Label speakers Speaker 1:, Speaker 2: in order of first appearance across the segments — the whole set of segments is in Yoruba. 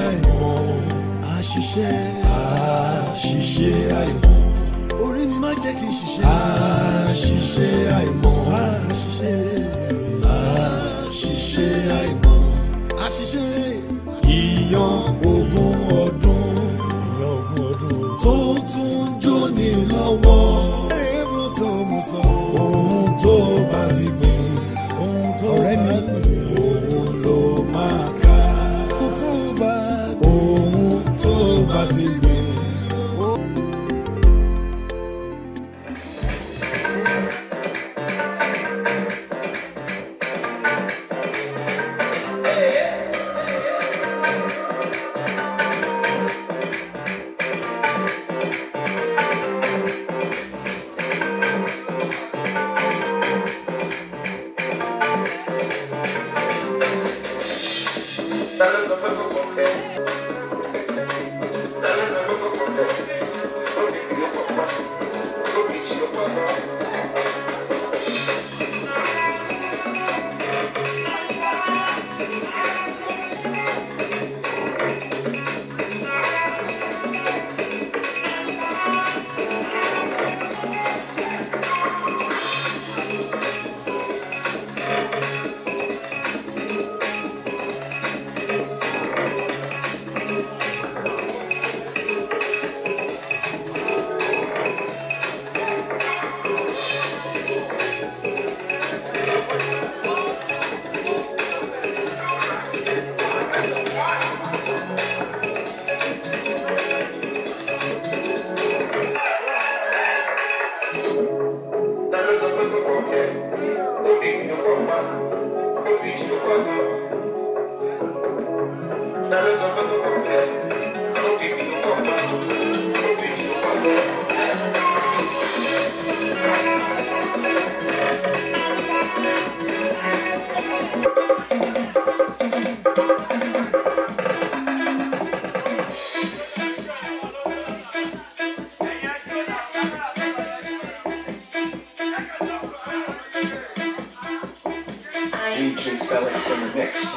Speaker 1: àìmọ̀ àṣìṣe àṣìṣe àìmọ̀ orí mi má jẹ́ kí n ṣiṣẹ́ àṣìṣe àìmọ̀ àṣìṣe àṣìṣe àìmọ̀ àṣìṣe ìyàn ogun.
Speaker 2: DJ in the Mix.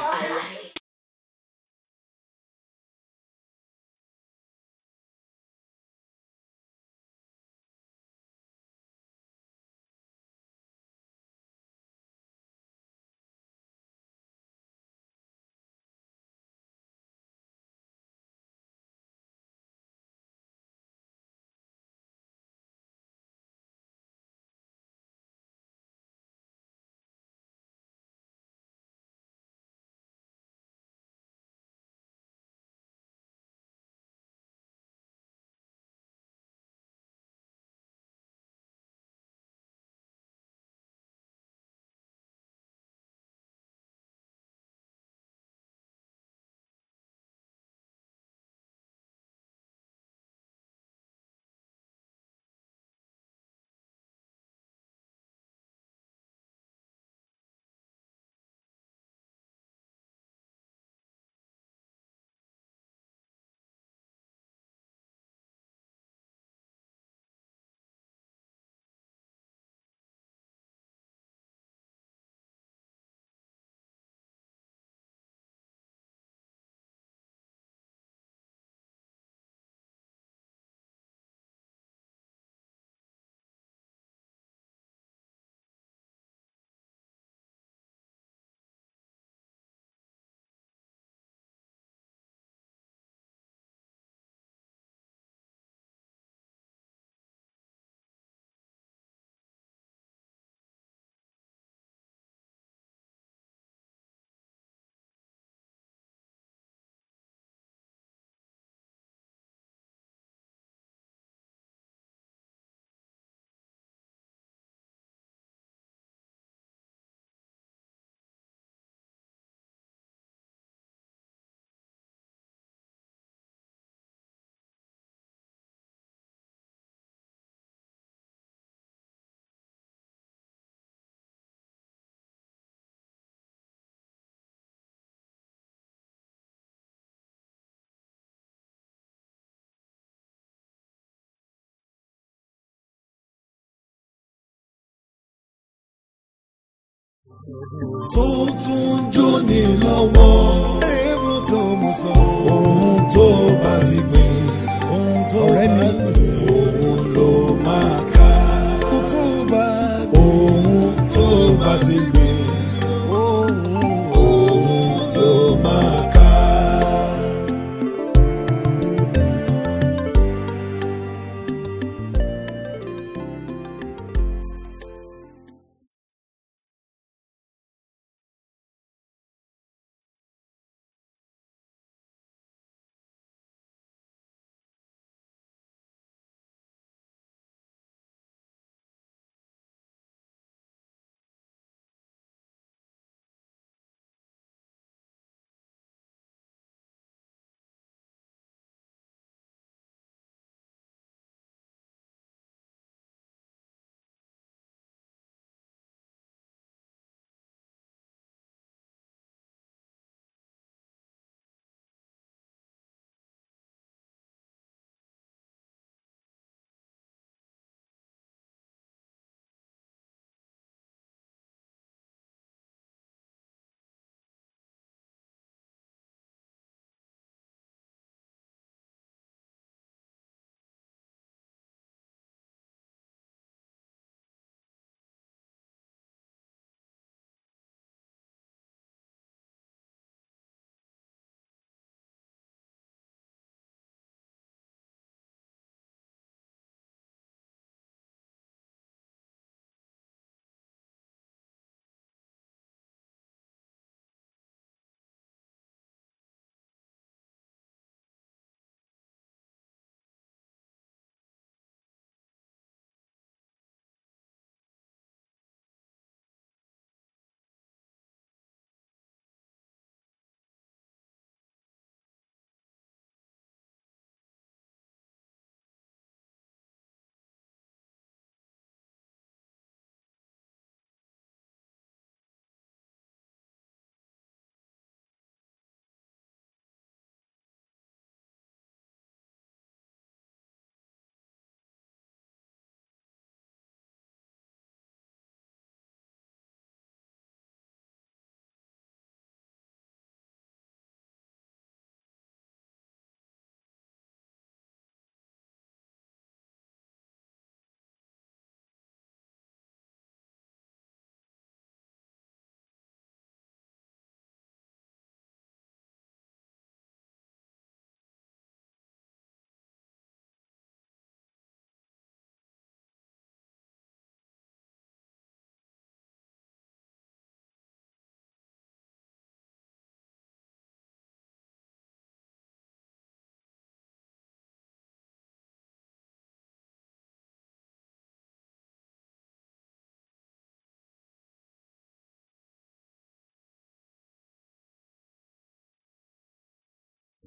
Speaker 3: tó tún jó ní lọ́wọ́.
Speaker 2: èébú tó mú sọ.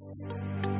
Speaker 2: Thank you.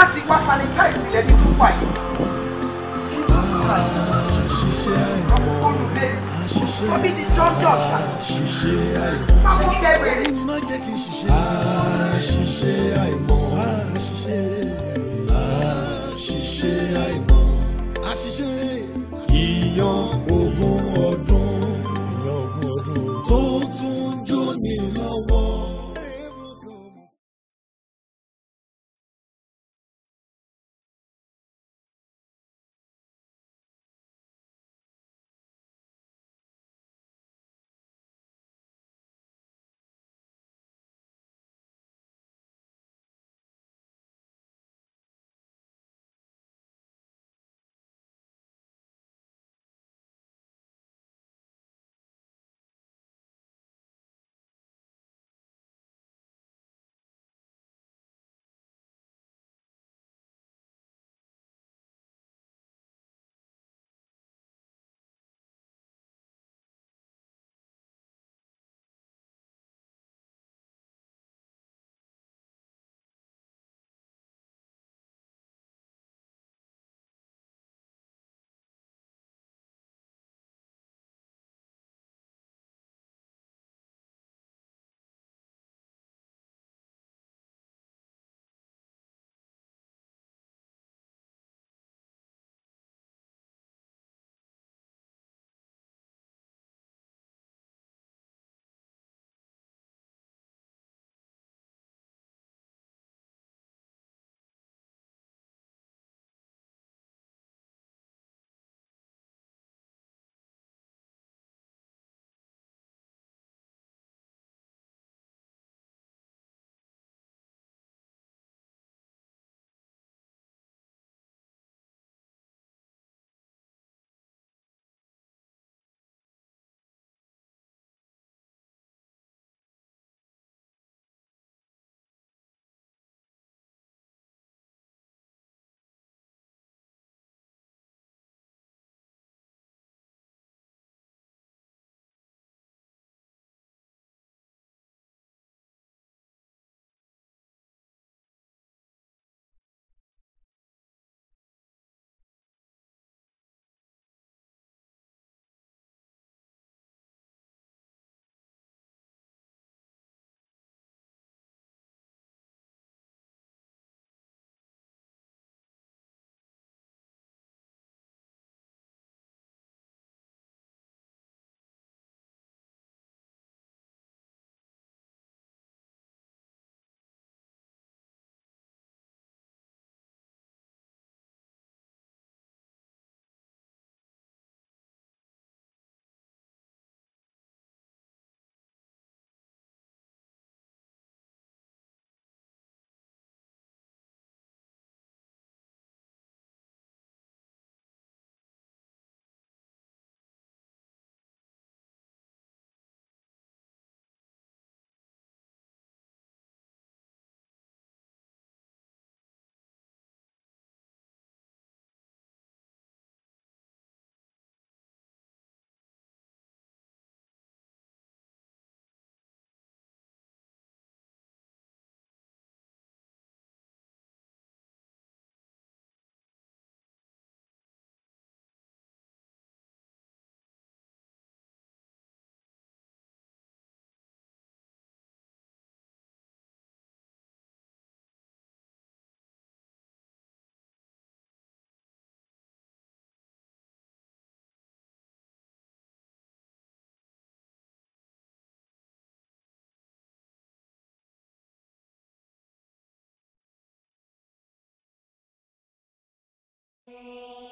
Speaker 4: láti wá sanitize ilẹ̀ ní túbọ̀ yìí. Omi ni John Josh. Báwo
Speaker 1: kẹ wèrè? Àṣìṣe àìmọ̀. Àṣìṣe àìmọ̀. Àṣìṣe ìyàn. Hey.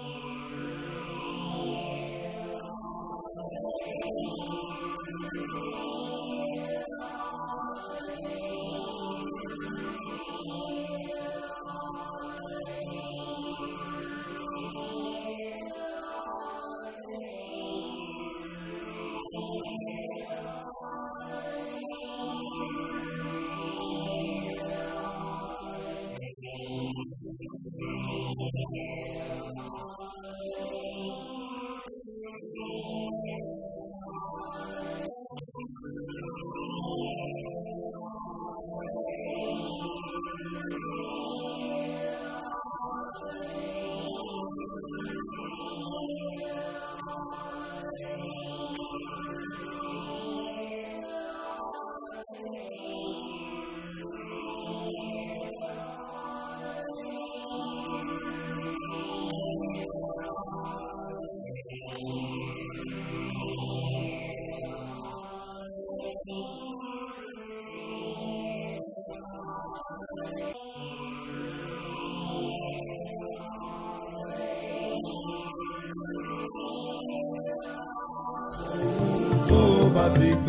Speaker 1: Brasil.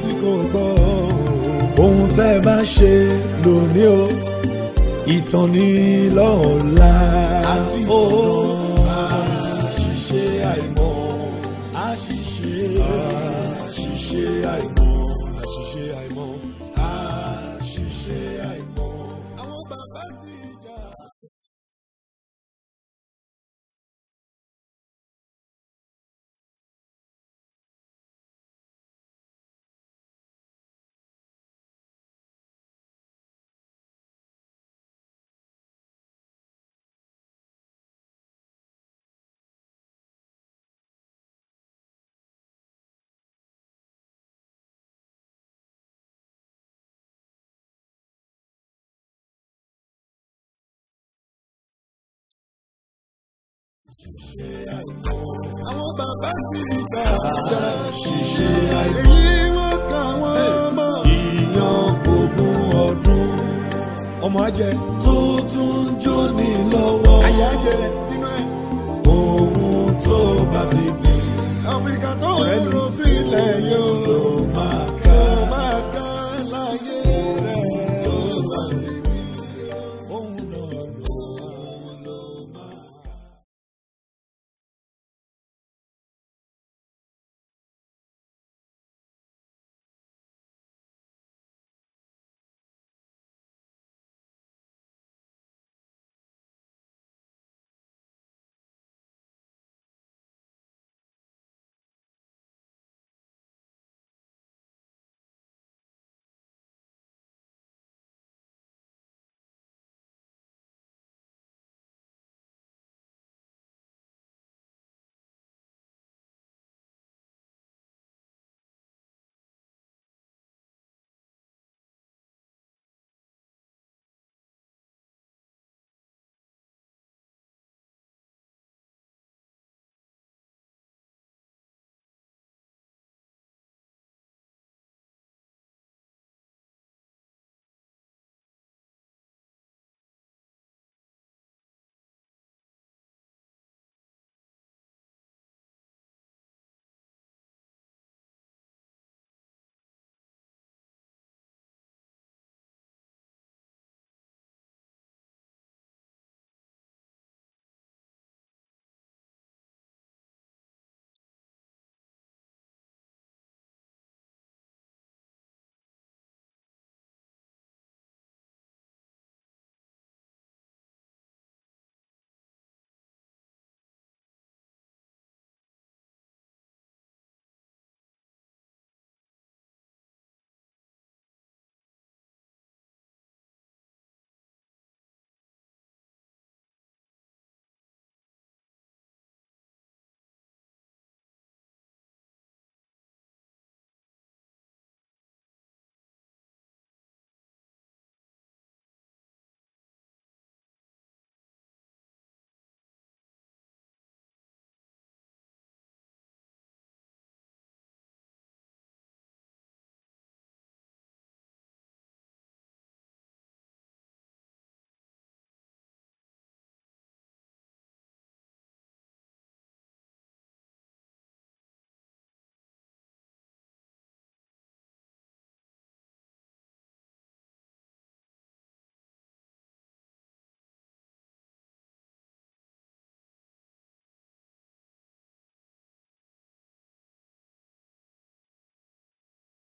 Speaker 1: tí kò gbọ́ ohun tẹ́ ẹ bá ṣe lónìí o ìtàn ní lọ́la. àdìtàn àṣìṣe àìmọ̀ àṣìṣe
Speaker 2: àṣìṣe àìmọ̀ àṣìṣe àìmọ̀.
Speaker 1: àwọn bàbá sì rí bàbá ṣiṣẹ́ àìlè èyí wọ́n kà wọ́n mọ́. ìyàn ogún ọdún. ọmọ ajẹ. tó tún jó ní lọ́wọ́. àyà jẹ nínú ẹ. ohun tó bá ti gbé.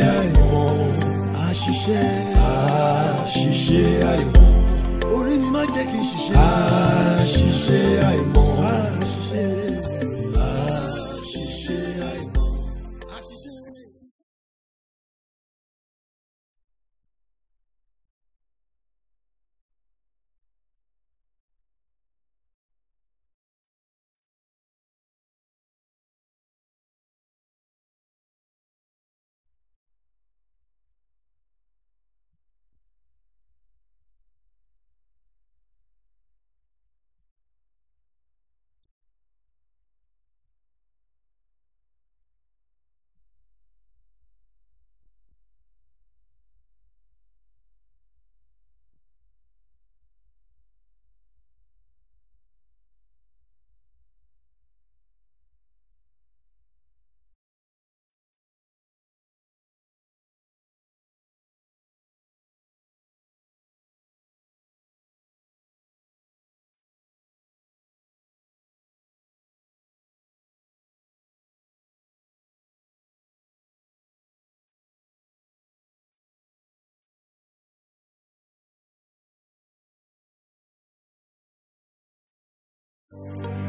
Speaker 3: àṣìṣe àìmọ̀
Speaker 1: àṣìṣe àṣìṣe àìmọ̀ orí mi má jẹ́ kí n ṣiṣẹ́ àṣìṣe àìmọ̀
Speaker 2: àṣìṣe. うん。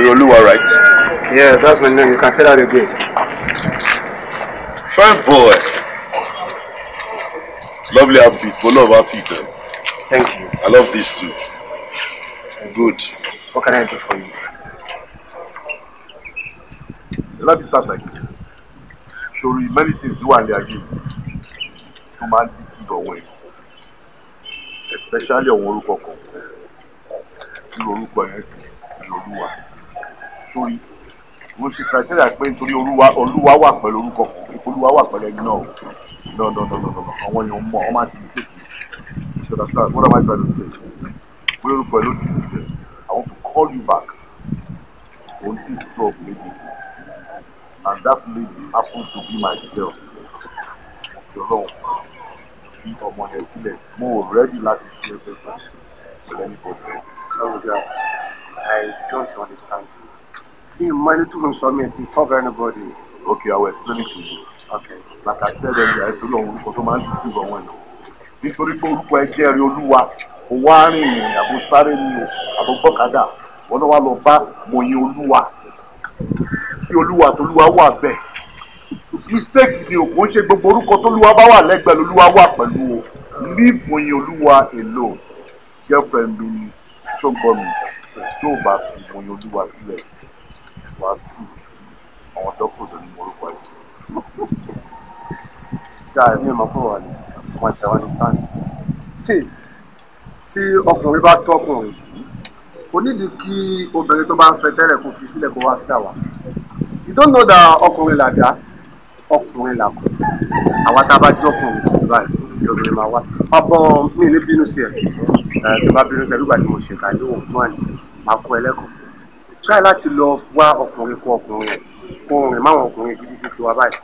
Speaker 3: Iroluwa, right? Yeah,
Speaker 4: that's my name. You can say that again. Fine boy. Lovely outfit. We love outfit. Eh? Thank you. I love this too. Good. What can I do for you? Let me start like this. Surely many things you and their game. To man this is your way. Especially your orúkọ kan. Irú orúkọ yẹn sì sórí mo ṣe criteria pé nítorí olúwa wà pẹ̀lú orúkọ olúwa wà pẹ̀lú ẹni náà no no no no no àwọn èèyàn mọ̀ ọ́n máa ṣe mistake you understand what am I trying to say wọ́n orúkọ ẹ̀ ló ti sí bẹ́ẹ̀ I want to call you back on this talk lady and that lady happen to be my girl ọlọ́run fi ọmọ yẹn sílẹ̀ mo ò rẹ́dí láti ṣe ẹgbẹ́ fún ẹ̀ pẹ̀lú ẹnìkan. sọ́wọ́dà I don't understand you. The money to him saw me if he's not anybody. Okay, I will explain it to you. Okay. Like I said earlier, I don't know what to man to see but one. Nítorí pé orúkọ ẹjẹ́ rí olúwa, kò wá rìn ìrìn àbò sáré ni o, àbò gbọ́kadà, wọn náà wá lọ bá mòyìn olúwa. Kí olúwa tolúwa wà bẹ́ẹ̀. Mistake ni o, kò ń ṣe gbogbo orúkọ tolúwa bá wà lẹ́gbẹ̀ẹ́ lolúwa wà pẹ̀lú o. Leave mòyìn olúwa alone. Girlfriend mi ni, ṣó gbọ́ mi, tó o bá fi mòyìn olúwa sílẹ̀ wá sí àwọn dókòdò ní orúkọ yìí ṣá ẹ̀mí ẹ̀ máa pọ̀ wà ní wọn ṣe wọn ní stand sí tí ọkùnrin bá tọkùnrin kò nídìí kí obìnrin tó bá ń fẹ́ tẹ́lẹ̀ kó fi sílẹ̀ kó wá fẹ́ wa you don't know that ọkùnrin làdá ọkùnrin làkọ àwa tá a bá jọkùnrin ìjọba ìjọba máa wá ọbọ mi ní bínú sí ẹ tí bá bínú sí ẹ nígbà tí mo ṣe kàdé òun náà ni máa kó ẹlẹ́kọ̀ọ́ try láti lọ wá ọkùnrin kọ ọkùnrin kó rìn máwọn ọkùnrin gidigidi tí wà báyìí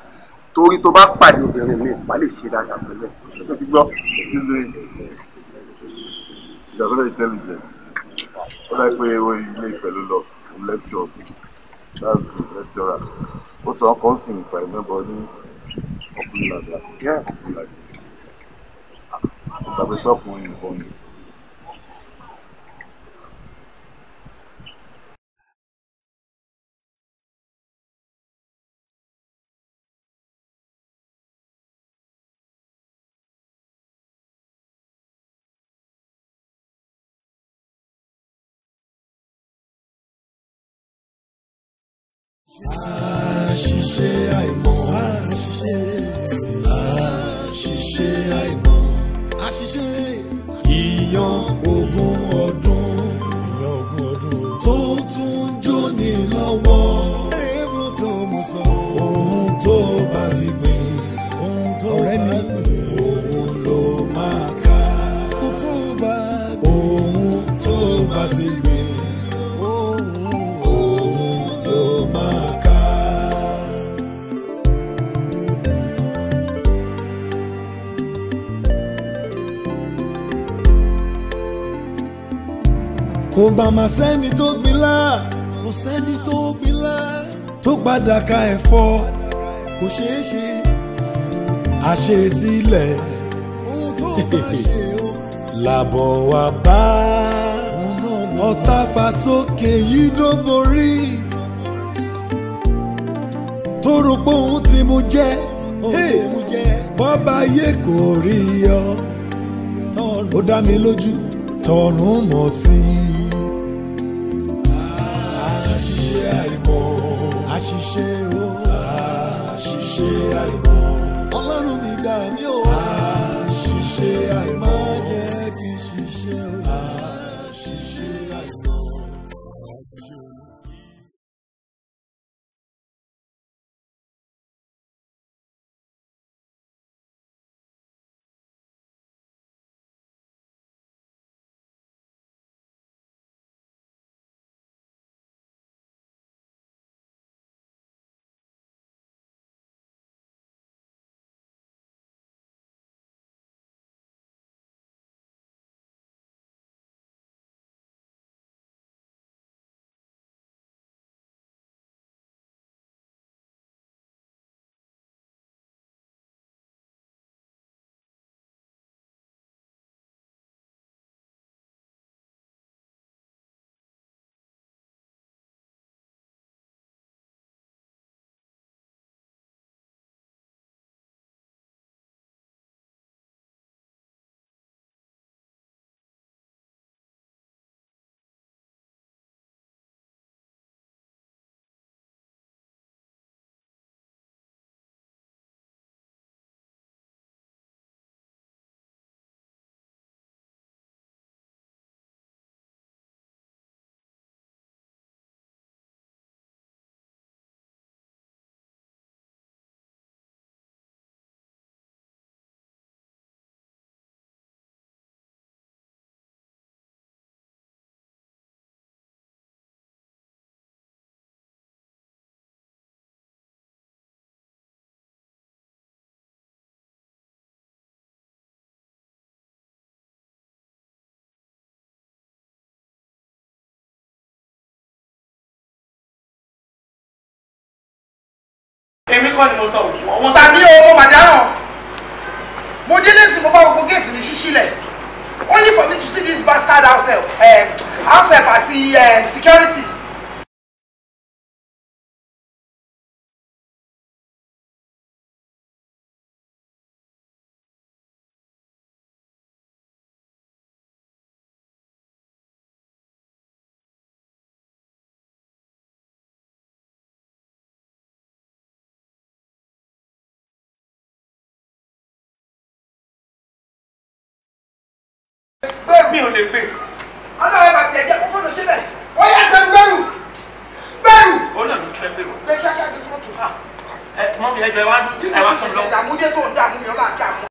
Speaker 4: torí tó bá pàdé obìnrin mi wà lè ṣe dáadáa pẹ̀lú ẹ̀ ló ti gbọ́. you're very intelligent ó dá pé ó ilé ìfẹ́ ló lọ fún lecture that's the lecturer ó sọ ọkọ ń sìn ìfà ìmẹ́bọ ní ọkùnrin làgbà ọkùnrin làgbà
Speaker 2: ìgbàgbé pé ọkùnrin nìkan ni.
Speaker 3: àṣìṣe àìmọ̀ àṣìṣe
Speaker 1: àṣìṣe àìmọ̀ àṣìṣe. àbàmà sẹ́ni tó gbilá kò sẹ́ni tó gbilá tó padà ka ẹ̀fọ́ kò ṣeé ṣe àṣesílẹ̀ ohun tó bá ṣe o làbọ̀ wá bá ọ̀tá fa sókè yìí ló borí tó rò pé òun ti mú jẹ́ bọ́ba ayé kò rí ọ ó dá mi lójú tọ̀run mọ̀ sí i.
Speaker 3: èmi kọ́ ni mo tọ̀ òbí wọn. tàbí o màdáràn
Speaker 4: mo délé sí mo bá gbogbo géètì mi ṣíṣí only for me to see this bastard outside.
Speaker 3: help house help àti security
Speaker 2: mi ò lè gbé. ọlọ́run bá tiẹ̀ jẹ́ kó mọ̀nà ṣe ó yà gbẹrù gbẹrù gbẹrù. ó náà ló fẹ́ gbèrò.
Speaker 3: Ah, ẹ mọ mi ẹjọ ẹ wá ẹ wá tó lọ. bí mo ṣe ṣe dààmú dé tó ń dààmú mi ó máa dààmú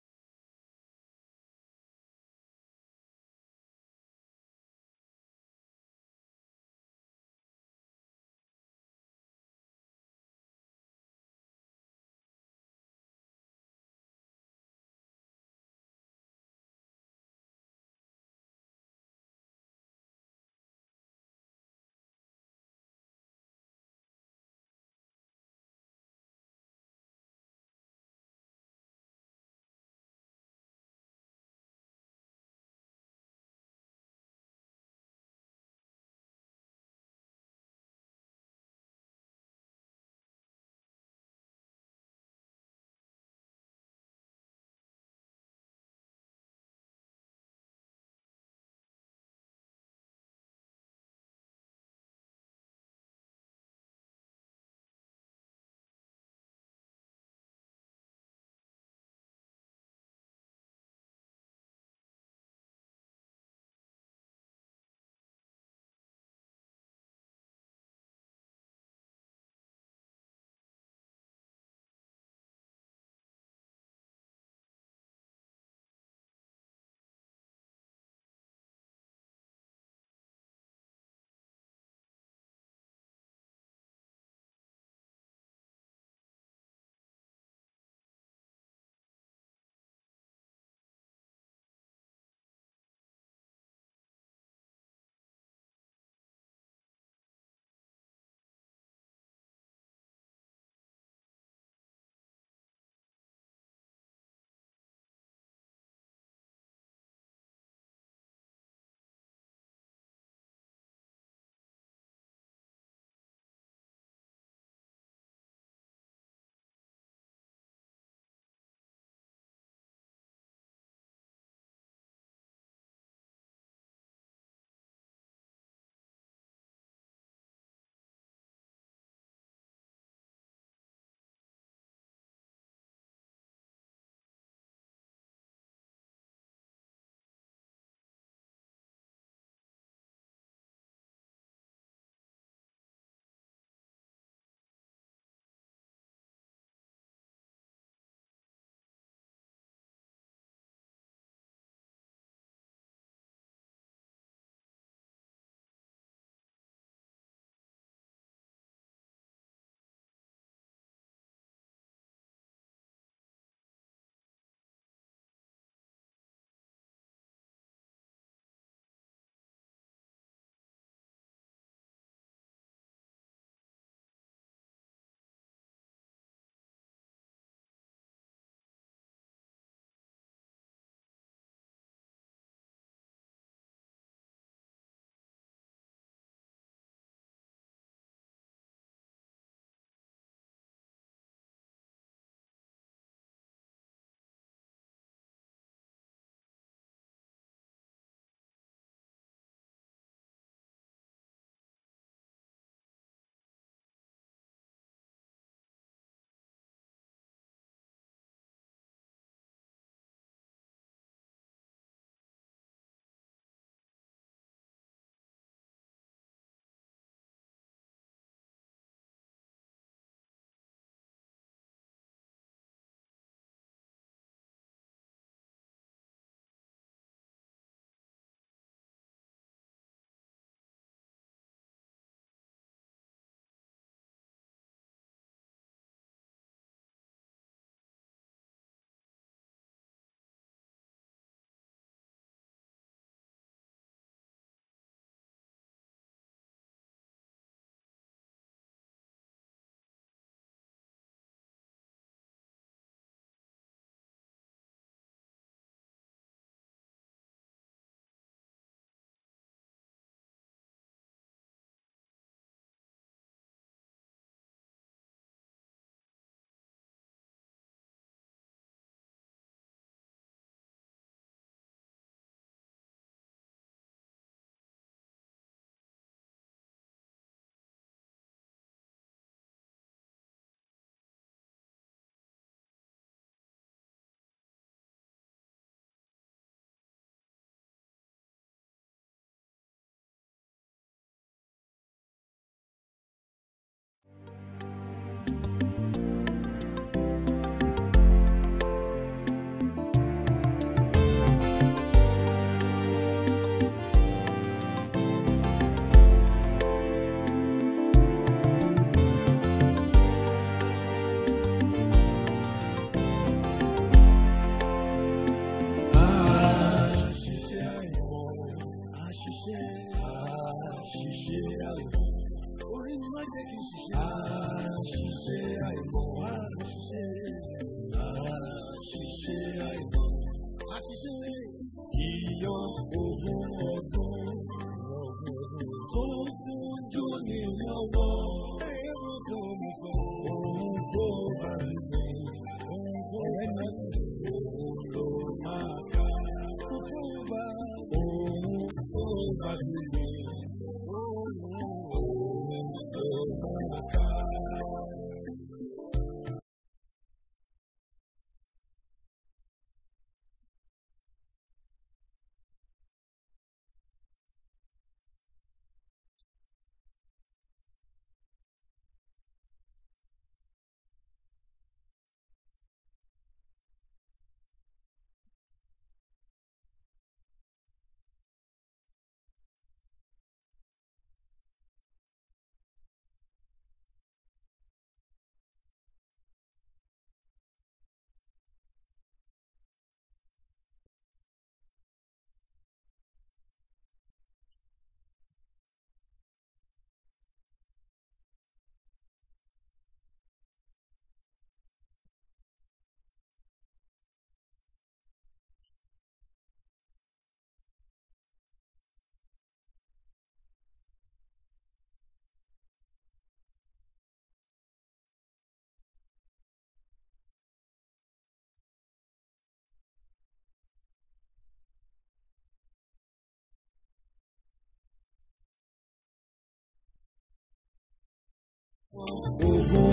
Speaker 2: Ogun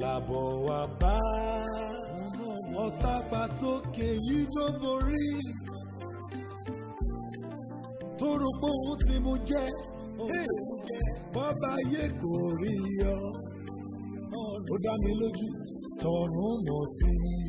Speaker 1: làbọ̀ wá bá ọ̀tá fasókè yìí ló borí tóró pohùn tí mo jẹ́ bọ́bá yé kò rí ọ ó dá mi lójú tọ̀run
Speaker 3: mọ̀ sí i.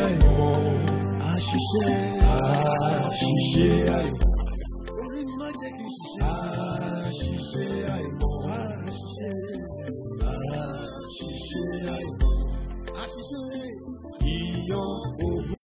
Speaker 2: àìmọ̀ àṣìṣe àṣìṣe àìmọ̀ orí mi má jẹ́ kí n ṣiṣẹ́ àṣìṣe
Speaker 1: àìmọ̀ àṣìṣe àṣìṣe
Speaker 3: àìmọ̀ àṣìṣe ìyàn ògùn.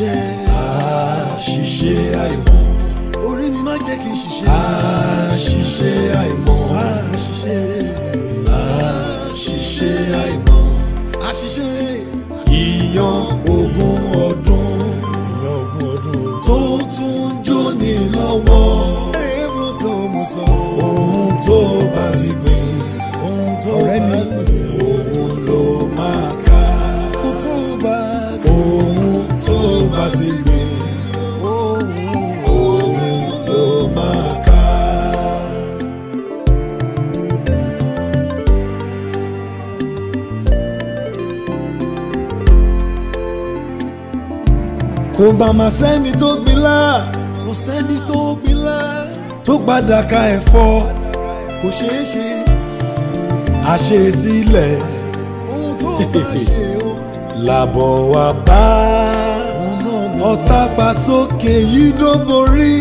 Speaker 2: ṣiṣẹ́ àṣìṣe àìmọ̀
Speaker 1: orí mi má jẹ́ kí n ṣiṣẹ́ àṣìṣe àìmọ̀ àṣìṣe àṣìṣe àìmọ̀ àṣìṣe ìyàn o. gbàmà sẹ́ni tó gbilá kò sẹ́ni tó gbilá tó padà ka ẹ̀fọ́ kò ṣeé ṣe àṣesílẹ̀ ohun tó bá ṣe o làbọ̀ wá bá ọ̀tá fa sókè yìí ló borí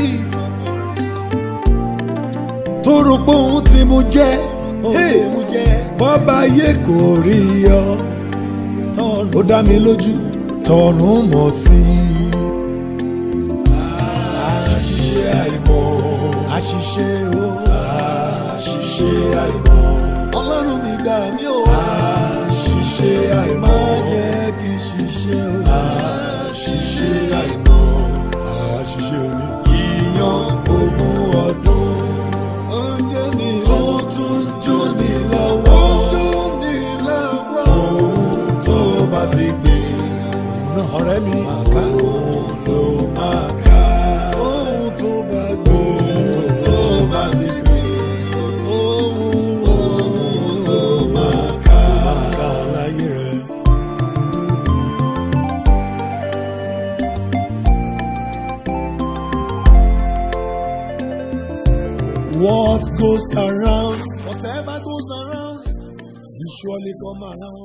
Speaker 1: tó rò pé òun ti mú jẹ́ bọ́ba yé kò rí ọ ó dá mi lójú tọ̀run mọ̀ sí i. àìmọ̀ àṣìṣe o àṣìṣe àìmọ̀ ọlọ́run mi gbà mí o àṣìṣe àìmọ̀ má jẹ́ kí n ṣiṣẹ́ o àṣìṣe àìmọ̀ àṣìṣe mi ìyàn ogún ọdún oúnjẹ ni tó tún jó ni lọ́wọ́ jó ni lọ́wọ́ ohun tó bá ti gbé ọ̀rẹ́ mi àkàkọ́ tó bá gbọ́ ohun tó bá ti bèèrè ohun ohun tó máa ká láyé rẹ̀. What goes around, whatever goes around,
Speaker 3: you surely come around.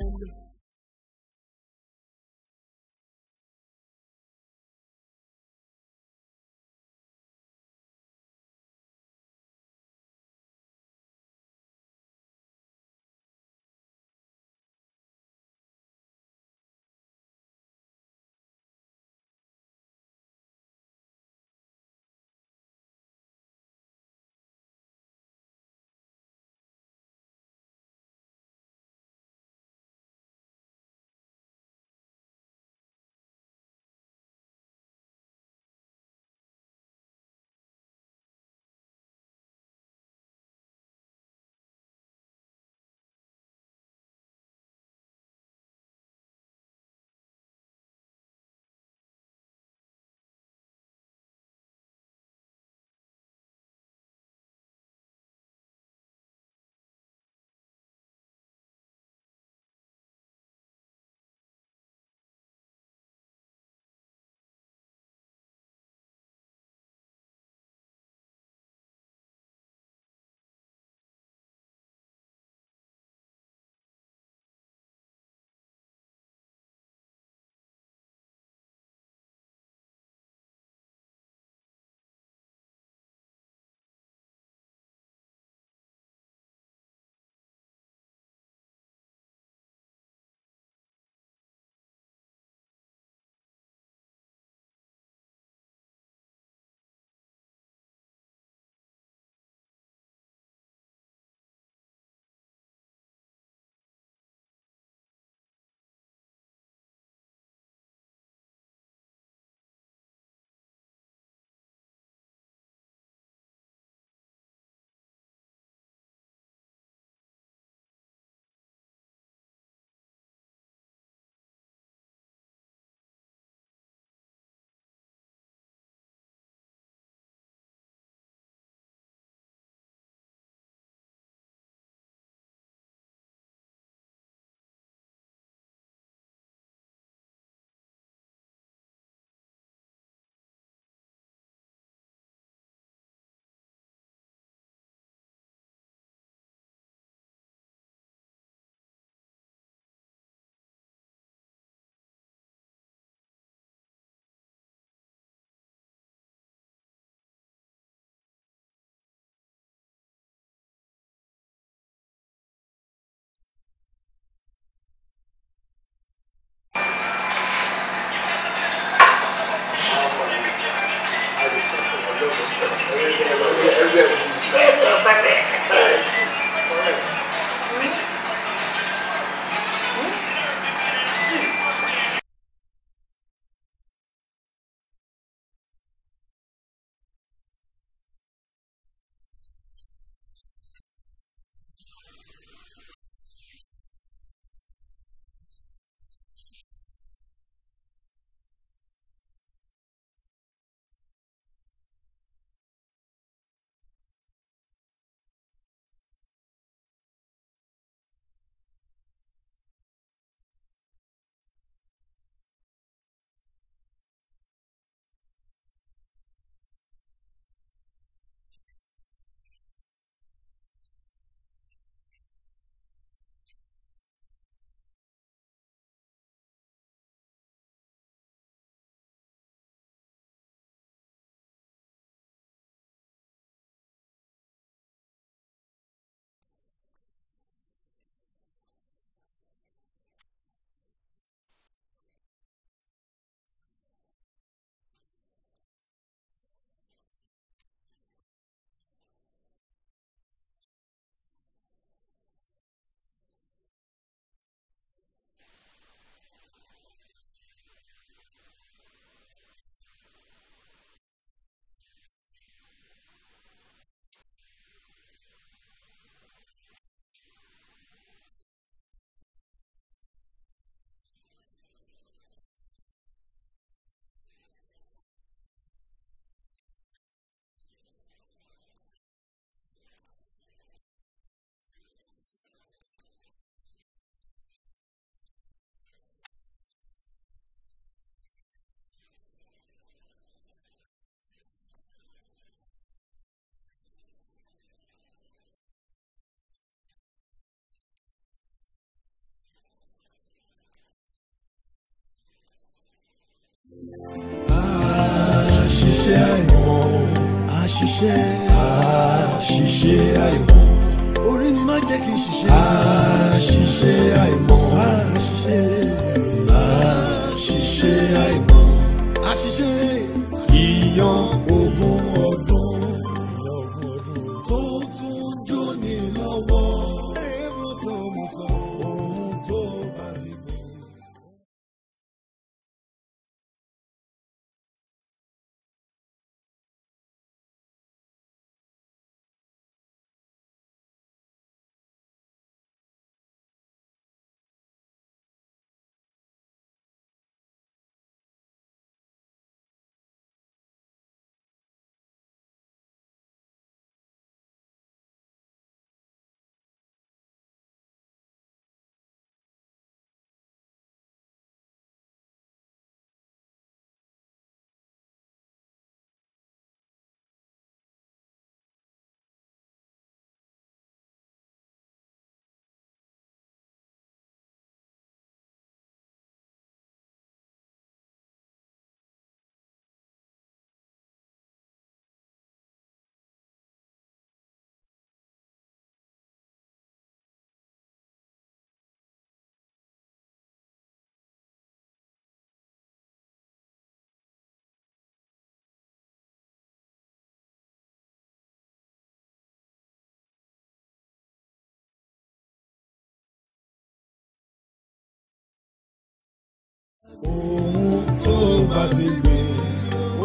Speaker 3: ohun tó bá ti gbìn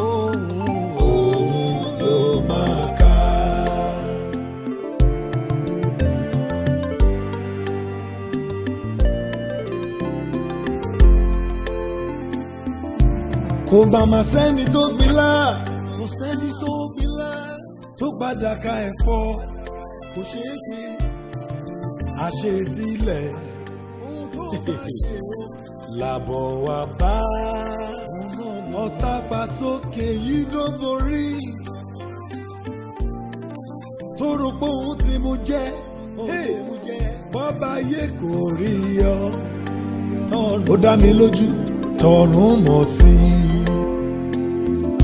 Speaker 3: ohun ohun
Speaker 2: ló máa ká.
Speaker 1: kò bá máa sẹ́ni tó gbilá kò sẹ́ni tó gbilá tó padà ka ẹ̀fọ́ kò ṣeé ṣe àṣe ohun tó bá ṣe o làbọ̀ wá bá ọ̀tá fà sókè yìí ló borí tó rò pé òun ti mú jẹ́ bọ́bá yé kò rí ọ ó dá mi lójú tọ̀run mọ̀ sí i.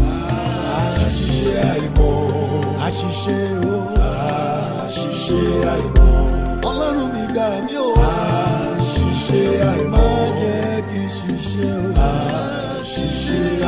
Speaker 1: àṣìṣe àìmọ̀ àṣìṣe o àṣìṣe àìmọ̀ ọlọ́run mi gbà mí o àṣìṣe àìmọ̀ jẹ́. 啊！是是。